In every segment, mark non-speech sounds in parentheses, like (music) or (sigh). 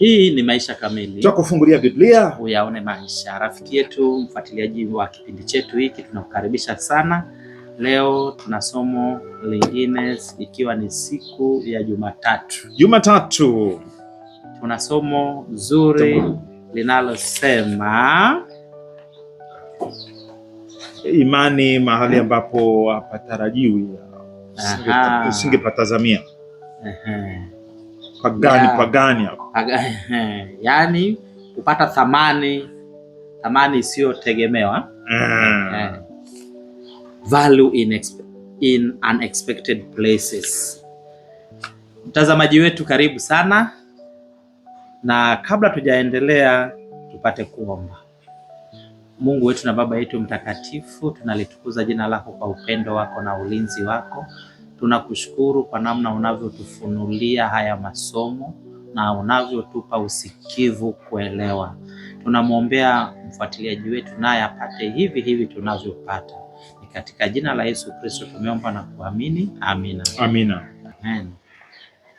Hii ni Maisha Kamili, kufungulia Biblia uyaone maisha. Rafiki yetu mfuatiliaji wa kipindi chetu hiki, tunakukaribisha sana. Leo tuna somo lingine, ikiwa ni siku ya Jumatatu. Jumatatu tuna somo zuri linalosema imani, mahali ambapo hapatarajiwi, usingepatazamia. Aha pagani ya, pagani paga, (laughs) yani kupata thamani thamani isiyotegemewa mm. eh, value in, in unexpected places. Mtazamaji wetu karibu sana, na kabla tujaendelea tupate kuomba. Mungu wetu na Baba yetu mtakatifu, tunalitukuza jina lako kwa upendo wako na ulinzi wako Tunakushukuru kwa namna unavyotufunulia haya masomo na unavyotupa usikivu kuelewa. Tunamwombea mfuatiliaji wetu naye apate hivi hivi tunavyopata. Ni katika jina la Yesu Kristo tumeomba na kuamini, amina. Amina. Amen.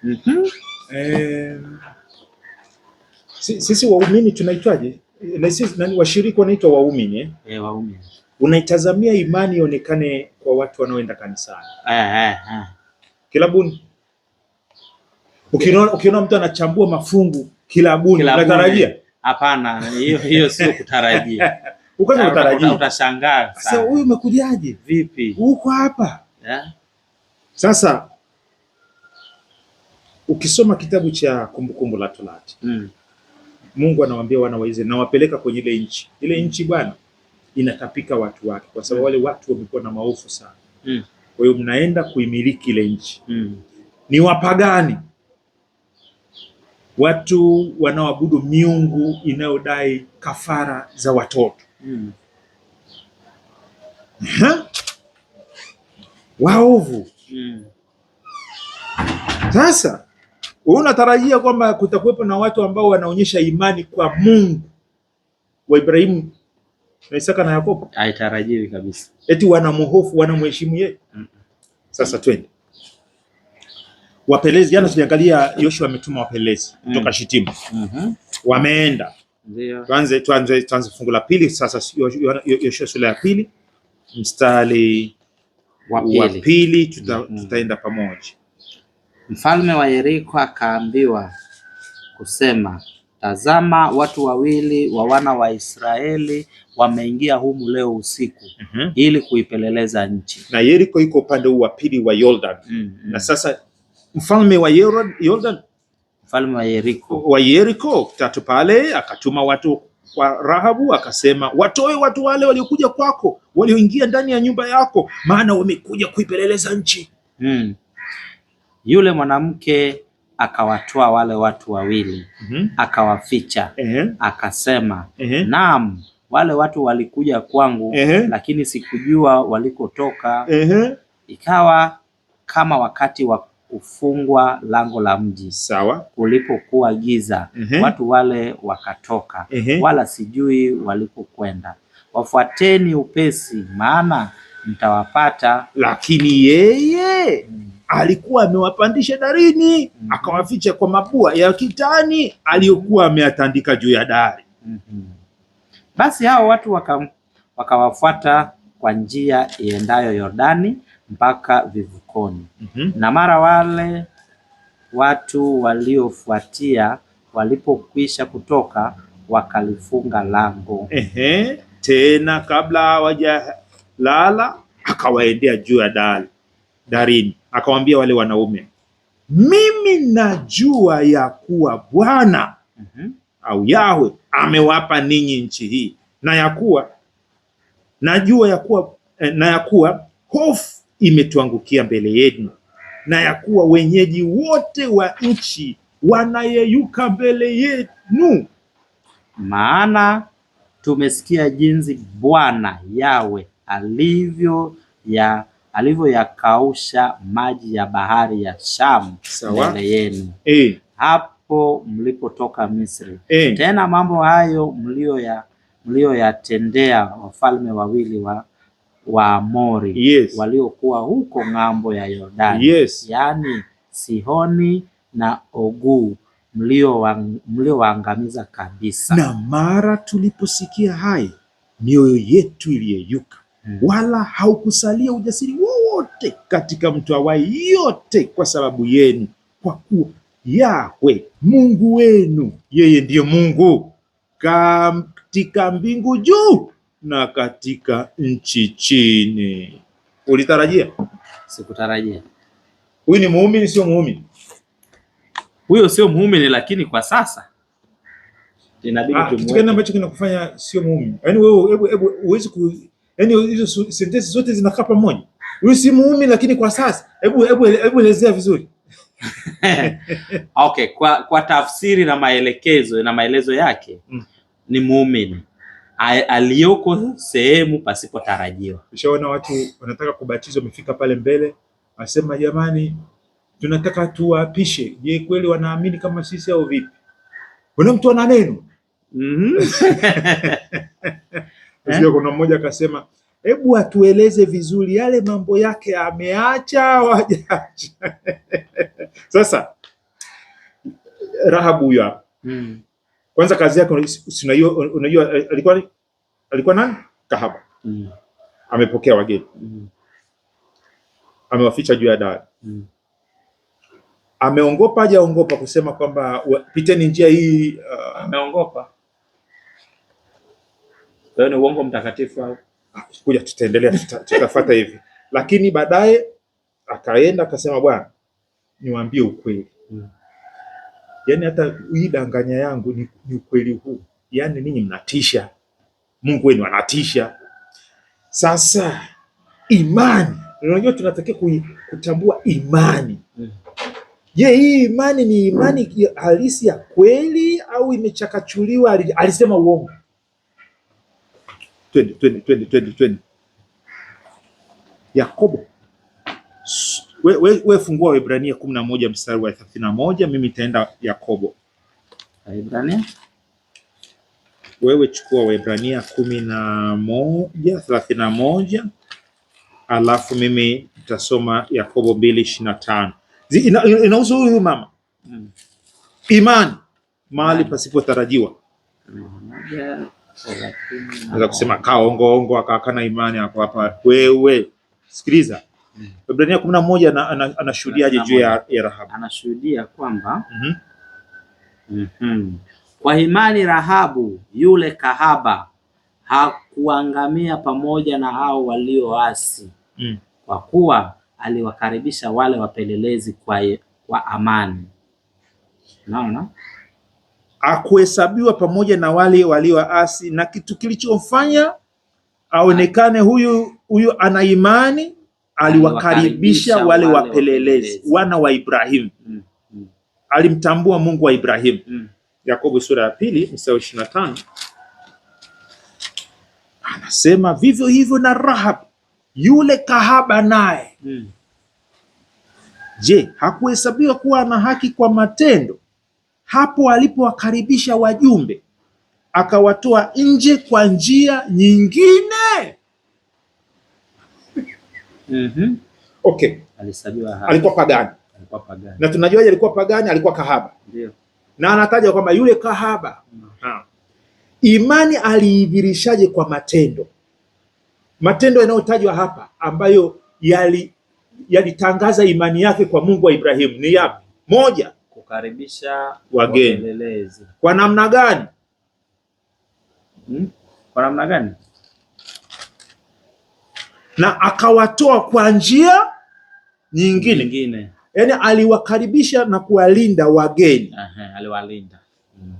Mm -hmm. Eh, sisi waumini tunaitwaje? Eh, washiriki wanaitwa waumini eh? Eh, waumini unaitazamia imani ionekane kwa watu wanaoenda kanisani, kilabuni. Ukiona ukiona mtu anachambua mafungu kilabuni, unatarajia hapana? Hiyo hiyo sio kutarajia, (laughs) ukatarajia utashangaa. Sasa huyu umekujaje? Vipi uko hapa yeah? Sasa ukisoma kitabu cha Kumbukumbu la Torati mm. Mungu anawaambia wana wa Israeli, nawapeleka kwenye ile nchi ile nchi Bwana inatapika watu wake, kwa sababu mm. wale watu wamekuwa na maovu sana. Mm. Kwa hiyo mnaenda kuimiliki ile nchi. Mm. Ni wapagani, watu wanaoabudu miungu inayodai kafara za watoto mm. waovu mm. Sasa wewe unatarajia kwamba kutakuwepo na watu ambao wanaonyesha imani kwa Mungu wa Ibrahimu na Isaka na Yakobo? Haitarajiwi kabisa. Eti wanamhofu wanamheshimu yeye. Mm -mm. Sasa twende wapelezi. Jana tuliangalia Yoshua ametuma wapelezi kutoka mm. Shitimu mm -hmm. wameenda ndio. Tuanze, tuanze, tuanze fungu la pili sasa, Yoshua sura ya pili mstari wa pili tuta, mm -hmm. tutaenda pamoja. Mfalme wa Yeriko akaambiwa kusema Tazama watu wawili wa wana wa Israeli wameingia humu leo usiku mm -hmm. ili kuipeleleza nchi, na Yeriko iko upande huu wa pili wa Yordan mm -hmm. na sasa mfalme wa Yordan, mfalme wa Yeriko, wa Yeriko tatu pale akatuma watu kwa Rahabu akasema, watoe watu wale waliokuja kwako, walioingia ndani ya nyumba yako, maana wamekuja kuipeleleza nchi mm. Yule mwanamke akawatoa wale watu wawili mm -hmm. akawaficha mm -hmm. akasema mm -hmm. naam, wale watu walikuja kwangu mm -hmm. lakini sikujua walikotoka mm -hmm. ikawa kama wakati wa kufungwa lango la mji sawa, kulipokuwa giza mm -hmm. watu wale wakatoka mm -hmm. wala sijui walipokwenda. Wafuateni upesi, maana mtawapata. Lakini yeye mm alikuwa amewapandisha darini mm -hmm. akawaficha kwa mabua ya kitani aliyokuwa ameyatandika juu ya dari mm -hmm. Basi hao watu waka, wakawafuata kwa njia iendayo Yordani mpaka vivukoni mm -hmm. na mara wale watu waliofuatia walipokwisha kutoka wakalifunga lango. Ehe, tena kabla hawajalala akawaendea juu ya dari darini, akawaambia wale wanaume, mimi najua ya kuwa Bwana mm-hmm. au Yahwe amewapa ninyi nchi hii na ya kuwa najua ya kuwa eh, na ya kuwa hofu imetuangukia mbele yenu na ya kuwa wenyeji wote wa nchi wanayeyuka mbele yenu, maana tumesikia jinsi Bwana Yawe alivyo ya alivyoyakausha maji ya bahari ya Shamu mbele yenu e, hapo mlipotoka Misri e, tena mambo hayo mlioyatendea ya, wafalme wawili wa Amori yes, waliokuwa huko ng'ambo ya Yordani yes, yaani Sihoni na Ogu mliowaangamiza kabisa. Na mara tuliposikia haya mioyo yetu iliyeyuka, hmm, wala haukusalia ujasiri wote katika mtawai yote kwa sababu yenu, kwa kuwa Yahwe Mungu wenu yeye ndiyo Mungu katika mbingu juu na katika nchi chini. Ulitarajia? Sikutarajia. Huyu ni muumini, sio muumini? Huyo sio muumini, lakini kwa sasa ah, kitu gani ambacho kinakufanya sio muumini? Yaani wewe hebu hebu uwezi ku, yaani hizo sentensi zote zinakaa pamoja Huyu si muumi lakini kwa sasa, hebu hebu hebu elezea vizuri. (laughs) Okay, kwa kwa tafsiri na maelekezo na maelezo yake mm. ni muumini aliyoko sehemu pasipotarajiwa. Ushaona watu wanataka kubatizwa, wamefika pale mbele, wasema jamani, tunataka tuwapishe Je, kweli wanaamini kama sisi au vipi? Kuna mtu ana neno mm -hmm. (laughs) (laughs) Kuna mmoja akasema hebu atueleze vizuri yale mambo yake ameacha au hajaacha? (laughs) Sasa Rahabu huyo hapa mm. Kwanza kazi yake unajua alikuwa alikuwa nani? Kahaba mm. Amepokea wageni mm. Amewaficha juu ya dari mm. Ameongopa hajaongopa kusema kwamba piteni njia hii uh... Ameongopa. Kwa ni uongo mtakatifu au kuja tutaendelea tutafuata hivi, lakini baadaye akaenda akasema, bwana, niwaambie ukweli mm. Yaani hata hii danganya yangu ni, ni ukweli huu, yaani ninyi mnatisha Mungu wenu anatisha. Sasa imani, unajua tunatakiwa kutambua imani mm. Je, hii imani ni imani halisi ya kweli au imechakachuliwa? Alisema uongo twende, twende, twende, twende, twende. Yakobo, we, we, we fungua Waebrania kumi na moja mstari wa thelathini na moja mimi nitaenda Yakobo. Waebrania, wewe chukua Waebrania kumi na moja thelathini na moja alafu mimi nitasoma Yakobo mbili ishirini na tano inahusu huyu mama mm. imani mahali pasipotarajiwa. Naweza kusema kaongoongo akakana imani ako hapa. Wewe sikiliza, Ibrania mm. kumi na moja anashuhudiaje juu ya Rahabu? Anashuhudia kwamba mm -hmm. Mm -hmm. kwa imani Rahabu yule kahaba hakuangamia pamoja na hao walioasi mm. kwa kuwa aliwakaribisha wale wapelelezi kwa, kwa amani. naona akuhesabiwa pamoja na wale walioasi, na kitu kilichomfanya aonekane huyu huyu ana imani, aliwakaribisha wale wapelelezi, wana wa Ibrahimu. mm. mm. Alimtambua Mungu wa Ibrahimu. mm. Yakobo sura ya pili mstari na 25 anasema vivyo hivyo na Rahab yule kahaba naye. mm. Je, hakuhesabiwa kuwa ana haki kwa matendo hapo alipowakaribisha wajumbe akawatoa nje kwa njia nyingine. mm -hmm. Okay, alikuwa pagani. Alikuwa pagani na tunajuaje alikuwa pagani? Alikuwa kahaba. Ndio. Na anataja kwamba yule kahaba mm -hmm. imani aliidhirishaje? Kwa matendo, matendo yanayotajwa hapa ambayo yalitangaza imani yake kwa Mungu wa Ibrahimu ni yapi? Moja, kukaribisha wageni kwa namna gani? Hmm? Kwa namna gani? Na akawatoa kwa njia nyingine, nyingine. Yaani aliwakaribisha na kuwalinda wageni. Aha, aliwalinda. Hmm.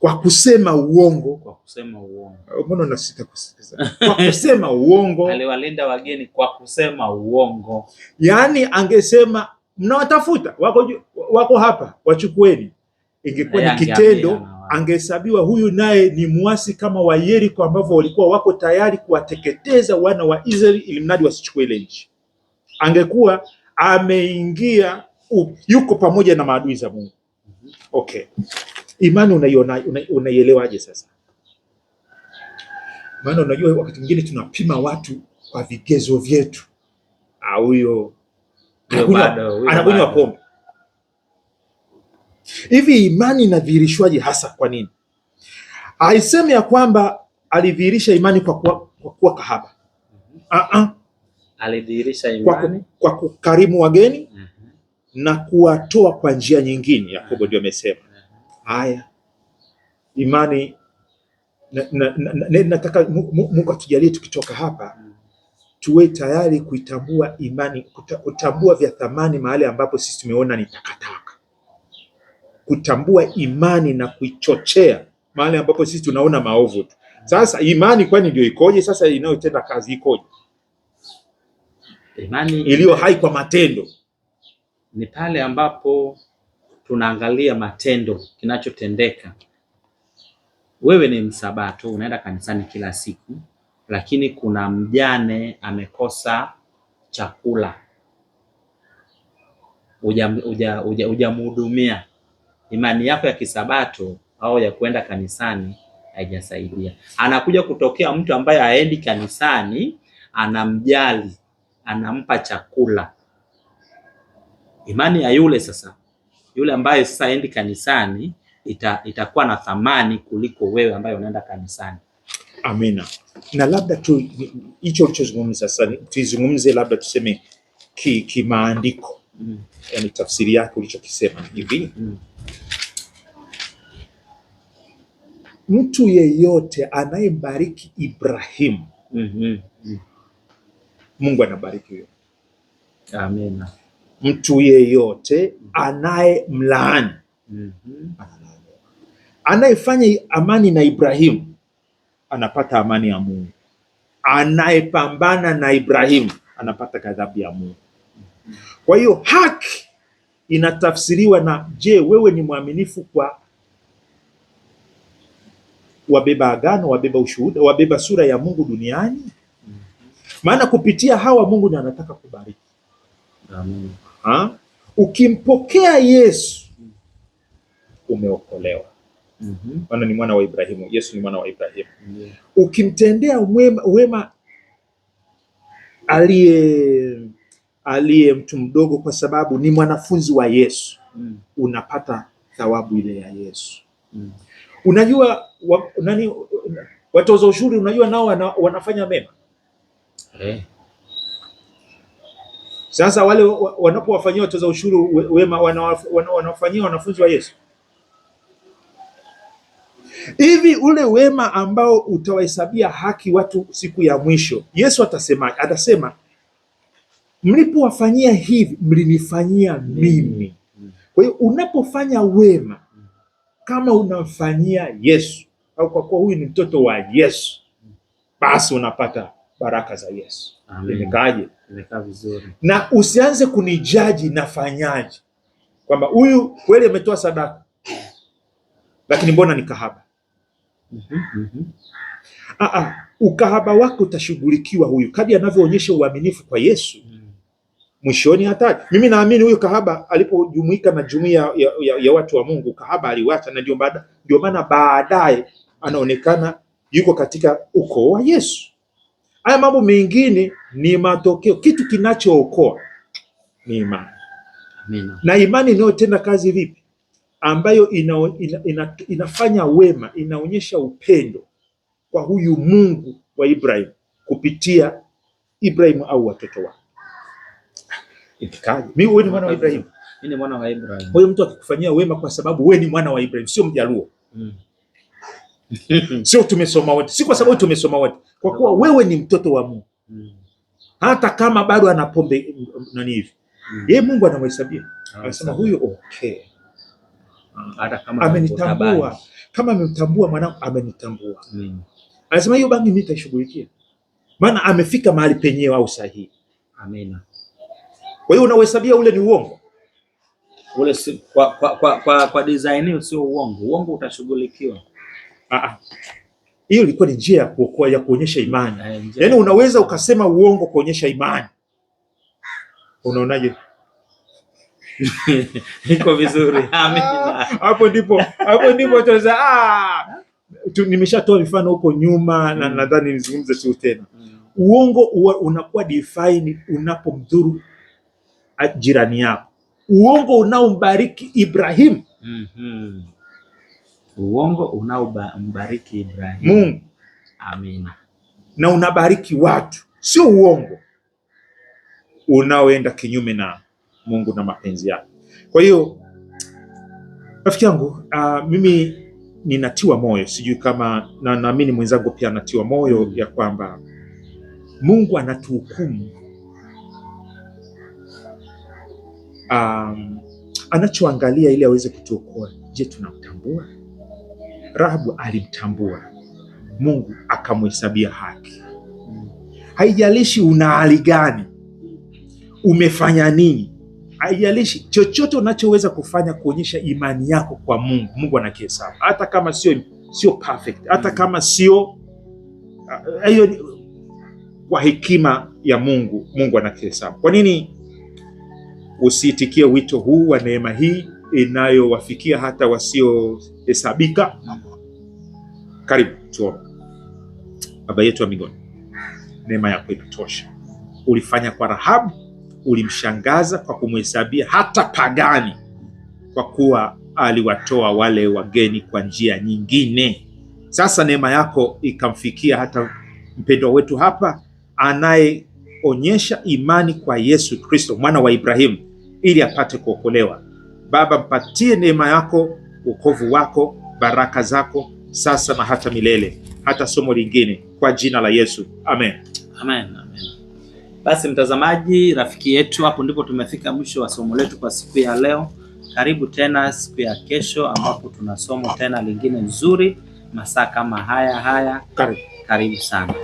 Kwa kusema uongo, kwa kusema uongo. Oh, mbona unasita kusikiza? Kwa kusema uongo. (laughs) Aliwalinda wageni kwa kusema uongo. Yaani angesema mnawatafuta wako, wako hapa wachukueni. Ingekuwa ni kitendo, angehesabiwa huyu naye ni muasi kama wa Yeriko ambavyo walikuwa wako tayari kuwateketeza wana wa Israeli ili mradi wasichukue ile nchi. Angekuwa ameingia yuko pamoja na maadui za Mungu. Okay, imani unaiona unaielewaje? Una sasa, maana unajua wakati mwingine tunapima watu kwa vigezo vyetu, ah, huyo anakunywa pombe. Hivi imani inadhihirishwaje hasa? Kwa nini aiseme ya kwamba alidhihirisha imani kwa kuwa, kwa kuwa kahaba? uh -uh. Alidhihirisha imani kwa kukarimu wageni mhm. na kuwatoa kwa njia nyingine. Yakobo ndio amesema mhm. haya imani na, na, na, na, nataka Mungu atujalie tukitoka hapa tuwe tayari kuitambua imani, kutambua vya thamani mahali ambapo sisi tumeona ni takataka, kutambua imani na kuichochea mahali ambapo sisi tunaona maovu tu. Sasa imani kwani ndio ikoje? Sasa inayotenda kazi ikoje? Imani iliyo hai kwa matendo ni pale ambapo tunaangalia matendo, kinachotendeka. Wewe ni msabato, unaenda kanisani kila siku lakini kuna mjane amekosa chakula, hujamhudumia uja, uja, uja, imani yako ya kisabato au ya kwenda kanisani haijasaidia. Anakuja kutokea mtu ambaye haendi kanisani, anamjali, anampa chakula. Imani ya yule sasa, yule ambaye sasa haendi kanisani ita, itakuwa na thamani kuliko wewe ambaye unaenda kanisani. Amina. Na labda tu hicho ulichozungumza sasa, tuizungumze labda tuseme kimaandiko ki mm. Yani tafsiri yake ulichokisema hivi mm. Mtu yeyote anayebariki Ibrahimu mm -hmm. mm. Mungu anabariki huyo. Amina. Mtu yeyote anayemlaani mm -hmm. anayefanya amani na Ibrahimu anapata amani ya Mungu. Anayepambana na Ibrahimu anapata ghadhabu ya Mungu. Kwa hiyo haki inatafsiriwa na je, wewe ni mwaminifu kwa wabeba agano, wabeba ushuhuda, wabeba sura ya Mungu duniani? Maana kupitia hawa Mungu ndiye anataka kubariki. Amen. Ha? Ukimpokea Yesu umeokolewa. Mhm. maana mm -hmm. ni mwana wa Ibrahimu. Yesu ni mwana wa Ibrahimu yeah. Ukimtendea wema, wema aliye aliye mtu mdogo, kwa sababu ni mwanafunzi wa Yesu mm. unapata thawabu ile ya Yesu mm. Unajua wa, nani watoza ushuru, unajua nao wana, wanafanya mema hey. Eh. Sasa wale wanapowafanyia watoza ushuru wema wanawafanyia wanafunzi wa Yesu hivi ule wema ambao utawahesabia haki watu siku ya mwisho, Yesu atasema atasema, mlipowafanyia hivi mlinifanyia mimi. Kwa hiyo unapofanya wema kama unamfanyia Yesu, au kwa kuwa huyu ni mtoto wa Yesu, basi unapata baraka za Yesu. Imekaaje? Imekaa vizuri. Na usianze kunijaji nafanyaje, kwamba huyu kweli ametoa sadaka, lakini mbona ni kahaba mm -hmm, Aa, ah, ah, ukahaba wake utashughulikiwa huyu kadi anavyoonyesha uaminifu kwa Yesu mm. mwishoni hata mimi naamini huyu kahaba alipojumuika na jumuiya ya, ya, ya watu wa Mungu kahaba aliwacha, na ndio baada ndio maana baadaye anaonekana yuko katika ukoo wa Yesu. Haya mambo mengine ni matokeo. Kitu kinachookoa ni imani. Amina. Na imani inayotenda kazi vipi? ambayo ina, ina, ina, inafanya wema, inaonyesha upendo kwa huyu Mungu wa Ibrahim kupitia Ibrahim au watoto wake. Itikaje? Mimi wewe ni mwana wa Ibrahim. Mimi ni mwana wa Ibrahim. Huyo mtu akikufanyia wema kwa sababu wewe ni mwana wa Ibrahim, sio Mjaluo. Mm. (laughs) Sio tumesoma wote. Si kwa sababu tumesoma wote. Kwa kuwa wewe ni mtoto wa Mungu. Mm. Hata kama bado ana pombe nani hivi. Mm. Yeye Mungu anamhesabia. Anasema huyu okay. Mm, hata kama amenitambua, kama amemtambua mwanangu, amenitambua mm. Anasema hiyo bangi mimi nitaishughulikia, maana amefika mahali penyewe au sahihi. Amina. Kwa hiyo unauhesabia ule ni uongo ule si, kwa, kwa, kwa, kwa, kwa design hiyo sio uongo. Uongo utashughulikiwa. Ah, ah. Hiyo ilikuwa ni njia ya kuokoa ya kuonyesha imani, eh, yaani unaweza ukasema uongo kuonyesha imani. Unaonaje? (laughs) iko vizuri, ah, ah. Hapo ndipo hapo ndipo tunaanza ah, nimeshatoa mifano huko nyuma mm. na nadhani nizungumze tu tena mm. Uongo unakuwa define unapomdhuru ah, jirani yako. Uongo unaombariki Ibrahim mm -hmm. Uongo unaombariki Ibrahim Mungu, amina, na unabariki watu, sio uongo unaoenda kinyume na Mungu na mapenzi yake. Kwa hiyo rafiki yangu, uh, mimi ninatiwa moyo, sijui kama na naamini mwenzangu pia anatiwa moyo ya kwamba Mungu anatuhukumu um, anachoangalia ili aweze kutuokoa. Je, tunamtambua? Rahabu alimtambua Mungu akamhesabia haki. Haijalishi una hali gani, umefanya nini haijalishi chochote unachoweza kufanya kuonyesha imani yako kwa Mungu, Mungu anakihesabu, hata kama sio sio perfect, hata mm. kama sio ah, hiyo. Kwa hekima ya Mungu, Mungu anakihesabu. Kwa nini usiitikie wito huu wa neema hii inayowafikia hata wasiohesabika? Karibu tuombe. Baba yetu wa mbinguni, neema yako inatosha, ulifanya kwa Rahabu ulimshangaza kwa kumhesabia hata pagani, kwa kuwa aliwatoa wale wageni kwa njia nyingine. Sasa neema yako ikamfikia hata mpendwa wetu hapa anayeonyesha imani kwa Yesu Kristo mwana wa Ibrahimu ili apate kuokolewa. Baba, mpatie neema yako, wokovu wako, baraka zako sasa na hata milele. Hata somo lingine kwa jina la Yesu, amen, amen. Basi mtazamaji, rafiki yetu, hapo ndipo tumefika mwisho wa somo letu kwa siku ya leo. Karibu tena siku ya kesho, ambapo tuna somo tena lingine nzuri masaa kama haya haya. Karibu, karibu sana.